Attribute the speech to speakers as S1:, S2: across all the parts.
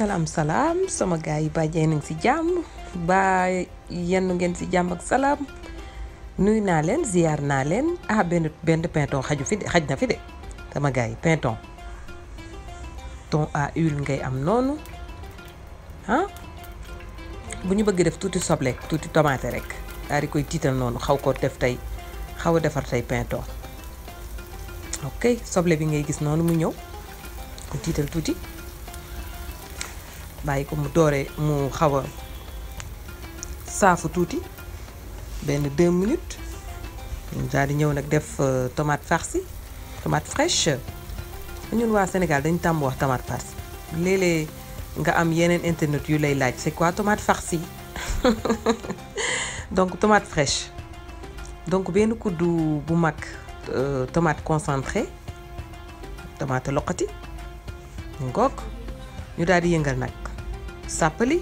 S1: salaam salaam sama gaa yi bàjjee nañ ci jàmm ba yenn ngeen ci jàmm ak salaam nuyu naa leen ziar naa leen ah benn benn pinton xaju fi de xaj na fi de sama gars yi pinton ton à huile ngay am noonu ah bu ñu bëgg def tuuti soble tuuti tomate rek daal di koy tiital noonu xaw ko def tey xaw a defar tey pinton ok soble bi ngay gis noonu mu ñëw ko tiital tuuti bàyyi ko mu dooree mu xaw a saafu tuuti benn deux minutes ñu daal di ñëw nag def euh, tomate farci tomate fraîche ñun waa Sénégal dañu tàmm wax tomate farci léeg nga am yeneen internet yu lay laaj c'est quoi tomate farci donc tomate fraîche donc benn kuddu bu mag euh, tomate concentré tomate loqati ngoog ñu daal di yëngal nag sàppali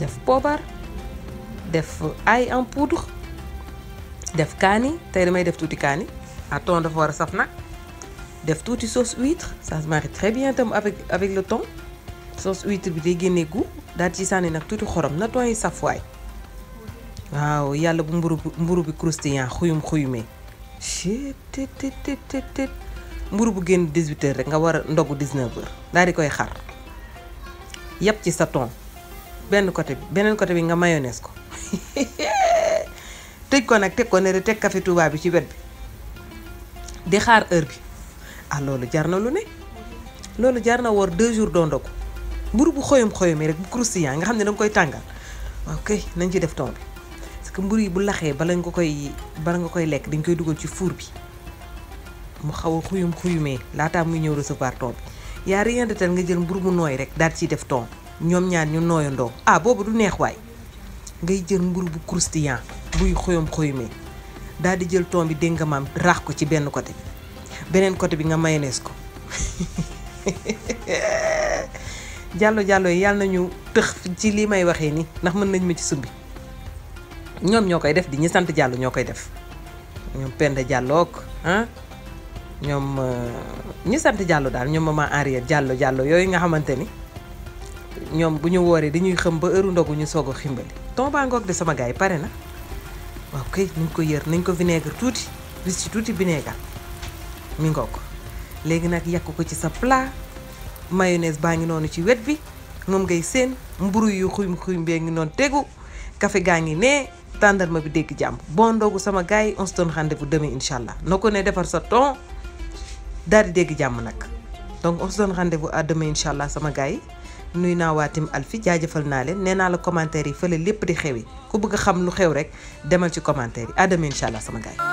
S1: def poobar def ail en poudre def kaani tey damay def tuuti kaani à ton dafa war a saf nag def tuuti sauce huître ça se marie très bien tam avec avec le thon sauce huître bi day génne goût daal ci sànni nag tuuti xorom na thon yi saf waay waaw yàlla bu mburu mburu bi croustillant xuyum xuyumee chut tit tit tit mburu bu génn 18 rek nga war a ndogu 19 heures daal di koy xar yëpp ci sa ton benn côté bi beneen côté bi nga mayonnaise ko tëj ko nag teg ko ne de teg café Touba bi ci wet bi di xaar heure bi ah loolu jar na lu ne loolu jar na woor deux jours doondo ko mburu bu xoyum xoyum yi rek bu croustillant nga xam ne danga koy tàngal ok nañ ci def ton bi parce que mburu yi bu laxee bala nga koy bala nga koy lekk dañ koy dugal ci fuur bi mu xaw a xuyum xuyumee laataa muy ñëw recevoir ton bi yaa rien de nga jël mburu mu nooy rek daal ciy def ton ñoom ñaar ñu nooyandoo ah boobu du neex waay ngay jël mburu bu croustillant buy xoyom xoyomee daal di jël ton bi dégg nga maam raax ko ci benn côté bi beneen côté bi nga may nees ko jàllo jàllo yi yàlla nañu tëx ci lii may waxee ni ndax mën nañ ma ci sumbi ñoom ñoo koy def di ñu sant jàllo ñoo koy def ñoom Penda Jàllook ñoom euh, ñu sant Diallo daal ñoom maman Henriette Diallo Diallo yooyu nga xamante ni ñoom bu ñu wooree dañuy xam ba heure ndogu ñu soog a ximbali. tomba ngoog de sama gars pare na waaw kay nañ ko yër nañ ko vinaigre tuuti bis tuuti vinaigre mi ngoog léegi nag yàq ko ci sa plat mayonnaise baa ngi noonu ci wet bi moom ngay séen mburu yu xuym xuyum bee ngi noonu tegu kafe gaa ngi nee tàndarma bi dégg jàmm bon ndogu sama gars yi on se ku rendez-vous allah na ne defar sa ton daal di dégg jàmm nag donc on se donne rendez-vous sama gars yi nuy naa waatim alfi jaajëfal naa leen nee naa la commentaire yi fële lépp di xew xewi ku bëgg xam lu xew rek demal ci commentaire yi à demain incha sama gars yi